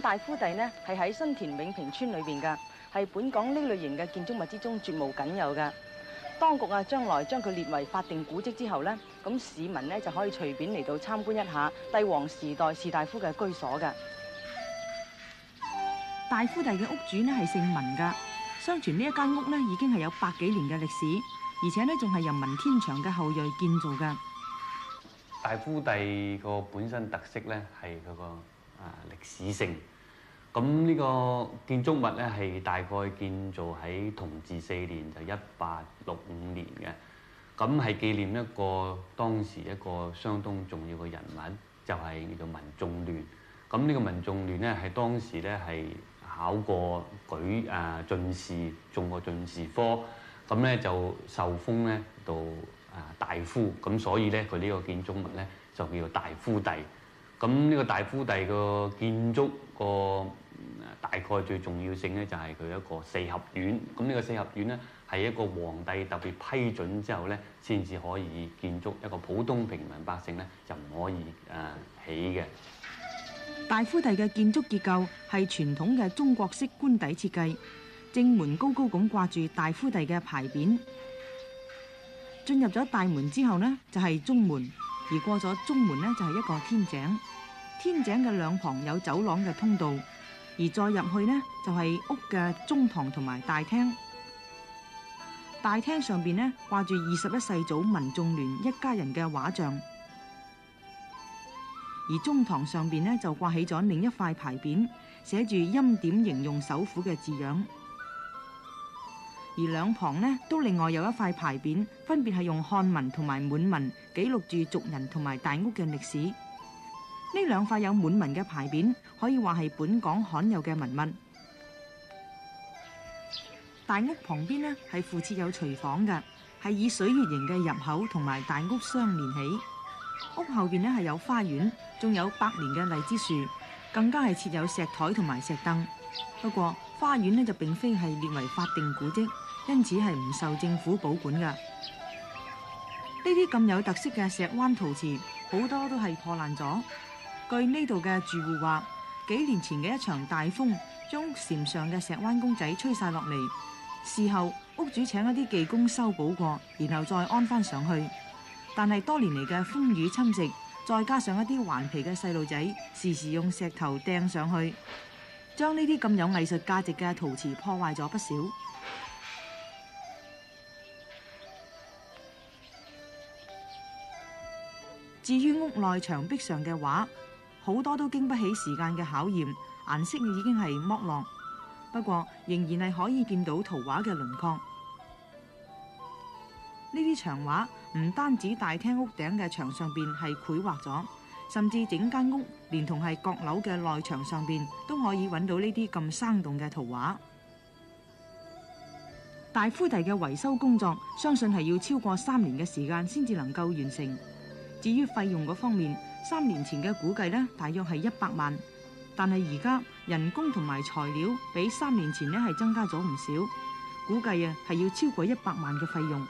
大夫第咧係喺新田永平村裏邊噶係本港呢類型嘅建築物之中絕無僅有噶當局啊將來將佢列為法定古蹟之後呢，咁市民咧就可以隨便嚟到參觀一下帝王時代士大夫嘅居所噶大夫第嘅屋主咧係姓文噶相傳呢一間屋咧已經係有百幾年嘅歷史，而且咧仲係由文天祥嘅後裔建造噶大夫第個本身特色咧係、嗰個。啊！歷史性咁呢個建築物咧，係大概建造喺同治四年，就一八六五年嘅。咁係紀念一個當時一個相當重要嘅人物，就係叫做文頌鑾。咁呢個文頌鑾咧，係當時咧係考過舉啊進士，中過進士科，咁咧就受封咧到啊大夫，咁所以咧佢呢個建築物咧就叫做大夫第。咁呢個大夫第個建築個大概最重要性呢，就係佢一個四合院。咁呢個四合院呢，係一個皇帝特別批准之後呢，先至可以建築一個普通平民百姓呢，就唔可以誒起嘅。大夫第嘅建築結構係傳統嘅中國式官邸設計，正門高高咁掛住大夫第嘅牌匾。進入咗大門之後呢，就係中門。而過咗中門咧，就係一個天井，天井嘅兩旁有走廊嘅通道，而再入去呢，就係屋嘅中堂同埋大廳。大廳上面呢，掛住二十一世祖文頌鑾一家人嘅畫像，而中堂上面呢，就掛起咗另一塊牌匾，寫住欽點形容守府嘅字樣。而兩旁咧都另外有一塊牌匾，分別係用漢文同埋滿文記錄住族人同埋大屋嘅歷史。呢兩塊有滿文嘅牌匾，可以話係本港罕有嘅文物。大屋旁邊咧係附設有廚房嘅，係以水月形嘅入口同埋大屋相連起。屋後邊咧係有花園，仲有百年嘅荔枝樹，更加係設有石台同埋石凳。不過花園咧就並非係列為法定古蹟。因此係唔受政府保管㗎。呢啲咁有特色嘅石灣陶瓷，好多都係破爛咗。據呢度嘅住戶話，幾年前嘅一場大風，將屋檐上嘅石灣公仔吹晒落嚟。事後屋主請一啲技工修補過，然後再安翻上去。但係多年嚟嘅風雨侵蝕，再加上一啲頑皮嘅細路仔，時時用石頭掟上去，將呢啲咁有藝術價值嘅陶瓷破壞咗不少。至於屋內牆壁上嘅畫，好多都經不起時間嘅考驗，顏色已經係剝落，不過仍然係可以見到圖畫嘅輪廓。呢啲牆畫唔單止大廳屋頂嘅牆上邊係繪畫咗，甚至整間屋連同係閣樓嘅內牆上邊都可以揾到呢啲咁生動嘅圖畫。大夫第嘅維修工作相信係要超過三年嘅時間先至能夠完成。至於費用嗰方面，三年前嘅估計呢，大約係一百萬，但係而家人工同埋材料比三年前呢係增加咗唔少，估計啊係要超過一百萬嘅費用。